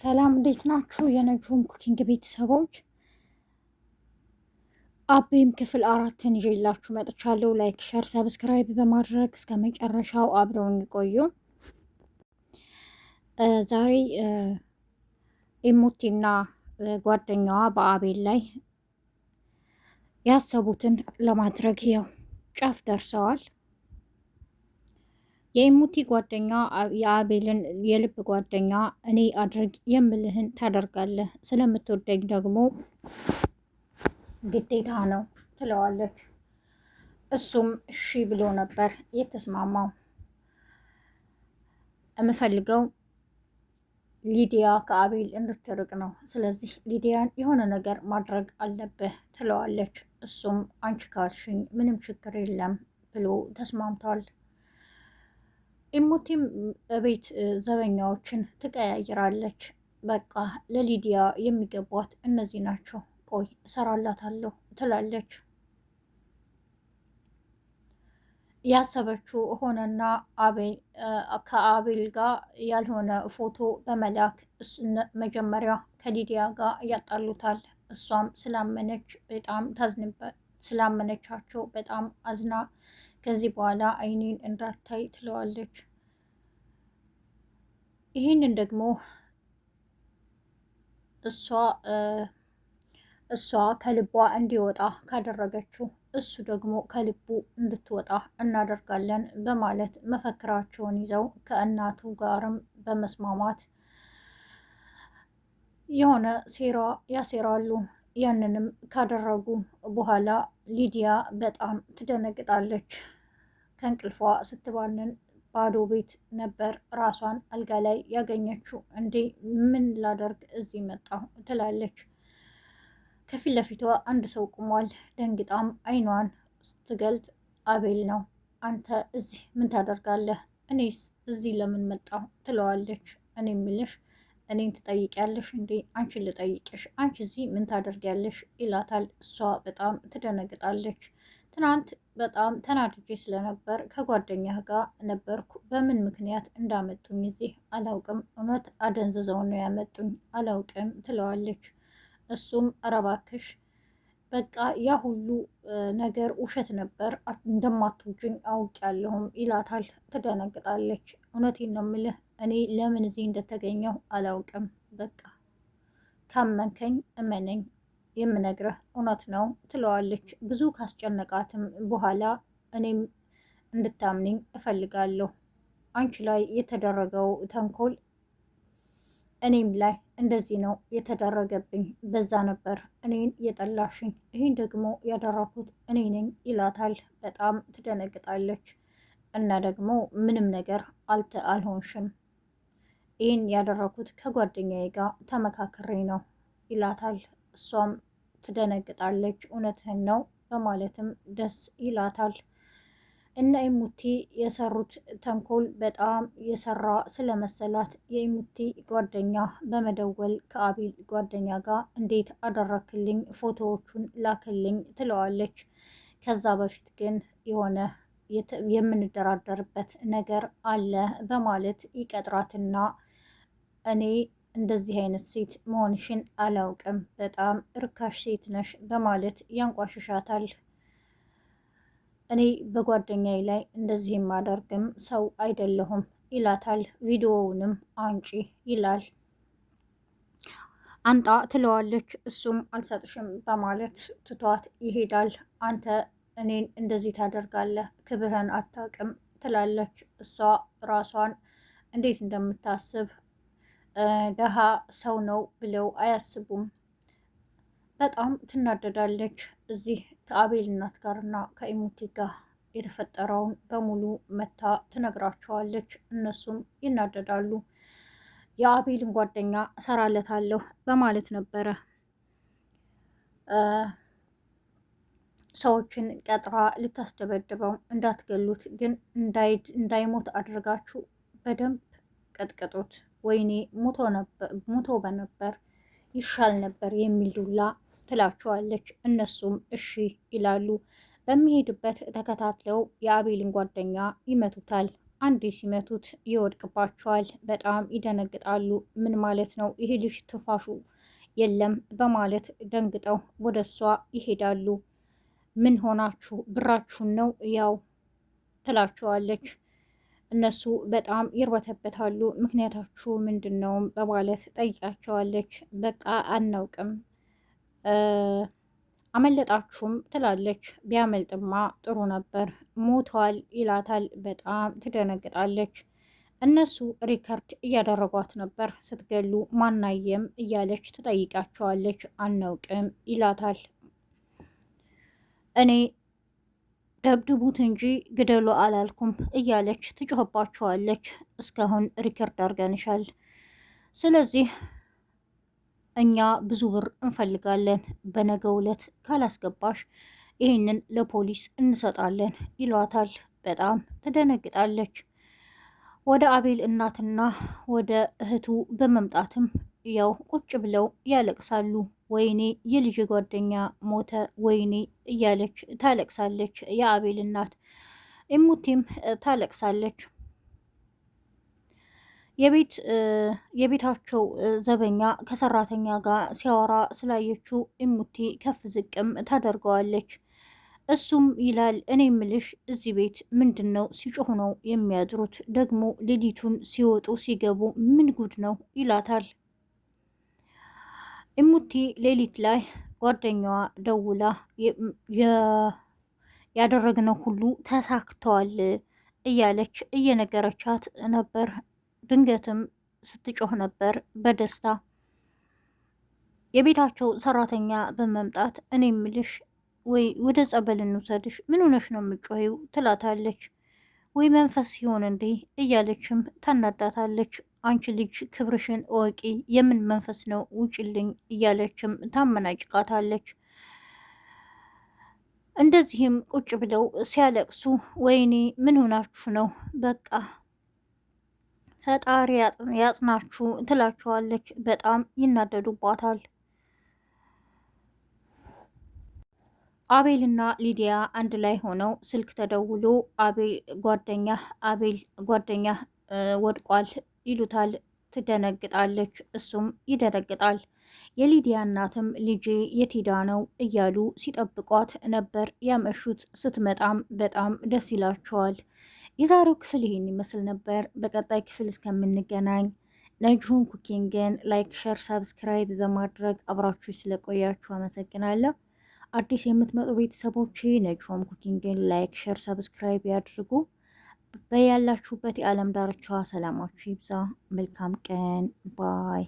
ሰላም እንዴት ናችሁ? የነጆም ኩኪንግ ቤተሰቦች አቤም ክፍል አራትን ይዤላችሁ መጥቻለሁ። ላይክ፣ ሸር፣ ሰብስክራይብ በማድረግ እስከ መጨረሻው አብረውን ይቆዩ። ዛሬ ኢሙቲና ጓደኛዋ በአቤል ላይ ያሰቡትን ለማድረግ ያው ጫፍ ደርሰዋል። የኢሙቲ ጓደኛ የአቤልን የልብ ጓደኛ እኔ አድርግ የምልህን ታደርጋለህ፣ ስለምትወደኝ ደግሞ ግዴታ ነው ትለዋለች። እሱም እሺ ብሎ ነበር የተስማማው። የምፈልገው ሊዲያ ከአቤል እንድትርቅ ነው። ስለዚህ ሊዲያን የሆነ ነገር ማድረግ አለብህ ትለዋለች። እሱም አንቺ ካልሽኝ ምንም ችግር የለም ብሎ ተስማምቷል። ኢሙቲም እቤት ዘበኛዎችን ትቀያይራለች። በቃ ለሊዲያ የሚገቧት እነዚህ ናቸው፣ ቆይ እሰራላታለሁ ትላለች። ያሰበችው ሆነና ከአቤል ጋር ያልሆነ ፎቶ በመላክ መጀመሪያ ከሊዲያ ጋር ያጣሉታል። እሷም ስላመነች በጣም ታዝንበት ስላመነቻቸው በጣም አዝና ከዚህ በኋላ አይኔን እንዳታይ ትለዋለች። ይህንን ደግሞ እሷ እሷ ከልቧ እንዲወጣ ካደረገችው እሱ ደግሞ ከልቡ እንድትወጣ እናደርጋለን በማለት መፈክራቸውን ይዘው ከእናቱ ጋርም በመስማማት የሆነ ሴራ ያሴራሉ። ያንንም ካደረጉ በኋላ ሊዲያ በጣም ትደነግጣለች። ከእንቅልፏ ስትባንን ባዶ ቤት ነበር ራሷን አልጋ ላይ ያገኘችው። እንዴ ምን ላደርግ እዚህ መጣሁ ትላለች። ከፊት ለፊቷ አንድ ሰው ቁሟል። ደንግጣም አይኗን ስትገልጥ አቤል ነው። አንተ እዚህ ምን ታደርጋለህ? እኔስ እዚህ ለምን መጣሁ ትለዋለች። እኔ የምልሽ እኔን ትጠይቂያለሽ እንዴ? አንቺ ልጠይቅሽ፣ አንቺ እዚህ ምን ታደርጊያለሽ? ይላታል። እሷ በጣም ትደነግጣለች። ትናንት በጣም ተናድጄ ስለነበር ከጓደኛ ጋር ነበርኩ። በምን ምክንያት እንዳመጡኝ እዚህ አላውቅም። እውነት አደንዝዘው ነው ያመጡኝ አላውቅም ትለዋለች። እሱም እባክሽ በቃ ያ ሁሉ ነገር ውሸት ነበር እንደማትውጅኝ አውቄያለሁም ይላታል። ትደነግጣለች። እውነቴን ነው የምልህ እኔ ለምን እዚህ እንደተገኘሁ አላውቅም። በቃ ካመንከኝ እመነኝ የምነግርህ እውነት ነው ትለዋለች። ብዙ ካስጨነቃትም በኋላ እኔም እንድታምንኝ እፈልጋለሁ። አንቺ ላይ የተደረገው ተንኮል እኔም ላይ እንደዚህ ነው የተደረገብኝ። በዛ ነበር እኔን የጠላሽኝ። ይህን ደግሞ ያደረኩት እኔ ነኝ ይላታል። በጣም ትደነግጣለች። እና ደግሞ ምንም ነገር አልተ አልሆንሽም። ይህን ያደረኩት ከጓደኛዬ ጋር ተመካክሬ ነው ይላታል። እሷም ትደነግጣለች። እውነትህን ነው በማለትም ደስ ይላታል። እነ ኢሙቲ የሰሩት ተንኮል በጣም የሰራ ስለመሰላት የኢሙቲ ጓደኛ በመደወል ከአቢል ጓደኛ ጋር እንዴት አደረክልኝ ፎቶዎቹን ላክልኝ ትለዋለች። ከዛ በፊት ግን የሆነ የምንደራደርበት ነገር አለ በማለት ይቀጥራትና እኔ እንደዚህ አይነት ሴት መሆንሽን አላውቅም፣ በጣም እርካሽ ሴት ነሽ በማለት ያንቋሽሻታል። እኔ በጓደኛዬ ላይ እንደዚህ የማደርግም ሰው አይደለሁም ይላታል። ቪዲዮውንም አንጪ ይላል። አንጣ ትለዋለች። እሱም አልሰጥሽም በማለት ትቷት ይሄዳል። አንተ እኔን እንደዚህ ታደርጋለህ፣ ክብርህን አታውቅም ትላለች። እሷ ራሷን እንዴት እንደምታስብ ደሃ ሰው ነው ብለው አያስቡም። በጣም ትናደዳለች። እዚህ ከአቤል እናት ጋርና ከኢሙቲ ጋር የተፈጠረውን በሙሉ መታ ትነግራቸዋለች። እነሱም ይናደዳሉ። የአቤልን ጓደኛ ሰራለታለሁ በማለት ነበረ ሰዎችን ቀጥራ ልታስደበድበው እንዳትገሉት፣ ግን እንዳይሞት አድርጋችሁ በደንብ ቀጥቅጡት ወይኔ ሙቶ በነበር ይሻል ነበር የሚል ዱላ ትላቸዋለች። እነሱም እሺ ይላሉ። በሚሄድበት ተከታትለው የአቤልን ጓደኛ ይመቱታል። አንዴ ሲመቱት ይወድቅባቸዋል። በጣም ይደነግጣሉ። ምን ማለት ነው ይሄ ልጅ ትንፋሹ የለም በማለት ደንግጠው ወደ እሷ ይሄዳሉ። ምን ሆናችሁ ብራችሁን ነው ያው ትላቸዋለች። እነሱ በጣም ይርበተበታሉ። ምክንያታችሁ ምንድን ነው በማለት ጠይቃቸዋለች። በቃ አናውቅም አመለጣችሁም ትላለች። ቢያመልጥማ ጥሩ ነበር ሞቷል ይላታል። በጣም ትደነግጣለች። እነሱ ሪከርድ እያደረጓት ነበር። ስትገሉ ማናየም እያለች ትጠይቃቸዋለች። አናውቅም ይላታል። እኔ ደብድቡት እንጂ ግደሉ አላልኩም እያለች ትጮህባቸዋለች። እስካሁን ሪከርድ አድርገንሻል። ስለዚህ እኛ ብዙ ብር እንፈልጋለን። በነገው ዕለት ካላስገባሽ ይህንን ለፖሊስ እንሰጣለን ይሏታል። በጣም ትደነግጣለች። ወደ አቤል እናትና ወደ እህቱ በመምጣትም ያው ቁጭ ብለው ያለቅሳሉ። ወይኔ የልጅ ጓደኛ ሞተ፣ ወይኔ እያለች ታለቅሳለች። የአቤል እናት ኢሙቲም ታለቅሳለች። የቤታቸው ዘበኛ ከሰራተኛ ጋር ሲያወራ ስላየችው ኢሙቲ ከፍ ዝቅም ታደርገዋለች። እሱም ይላል እኔ ምልሽ እዚህ ቤት ምንድን ነው ሲጮሁ ነው የሚያድሩት? ደግሞ ሌሊቱን ሲወጡ ሲገቡ ምን ጉድ ነው ይላታል። እሙቲ ሌሊት ላይ ጓደኛዋ ደውላ ያደረግነው ሁሉ ተሳክተዋል እያለች እየነገረቻት ነበር። ድንገትም ስትጮህ ነበር በደስታ የቤታቸው ሰራተኛ በመምጣት እኔ እምልሽ ወይ ወደ ጸበል እንውሰድሽ፣ ምን ሆነሽ ነው የምጮኸው? ትላታለች። ወይ መንፈስ ሲሆን እንዴ እያለችም ታናዳታለች። አንቺ ልጅ ክብርሽን እወቂ፣ የምን መንፈስ ነው ውጭልኝ እያለችም ታመናጭቃታለች። እንደዚህም ቁጭ ብለው ሲያለቅሱ ወይኔ ምን ሆናችሁ ነው? በቃ ፈጣሪ ያጽናችሁ ትላቸዋለች። በጣም ይናደዱባታል። አቤልና ሊዲያ አንድ ላይ ሆነው ስልክ ተደውሎ አቤል ጓደኛ አቤል ጓደኛ ወድቋል ይሉታል። ትደነግጣለች፣ እሱም ይደነግጣል። የሊዲያ እናትም ልጄ የቴዳ ነው እያሉ ሲጠብቋት ነበር ያመሹት። ስትመጣም በጣም ደስ ይላቸዋል። የዛሬው ክፍል ይህን ይመስል ነበር። በቀጣይ ክፍል እስከምንገናኝ ነጅሁን ኩኪንግን ላይክ፣ ሸር፣ ሰብስክራይብ በማድረግ አብራችሁ ስለቆያችሁ አመሰግናለሁ። አዲስ የምትመጡ ቤተሰቦች ነጅሆም ኩኪንግን ላይክ፣ ሸር፣ ሰብስክራይብ ያድርጉ። በያላችሁበት የዓለም ዳርቻ ሰላማችሁ ይብዛ። መልካም ቀን ባይ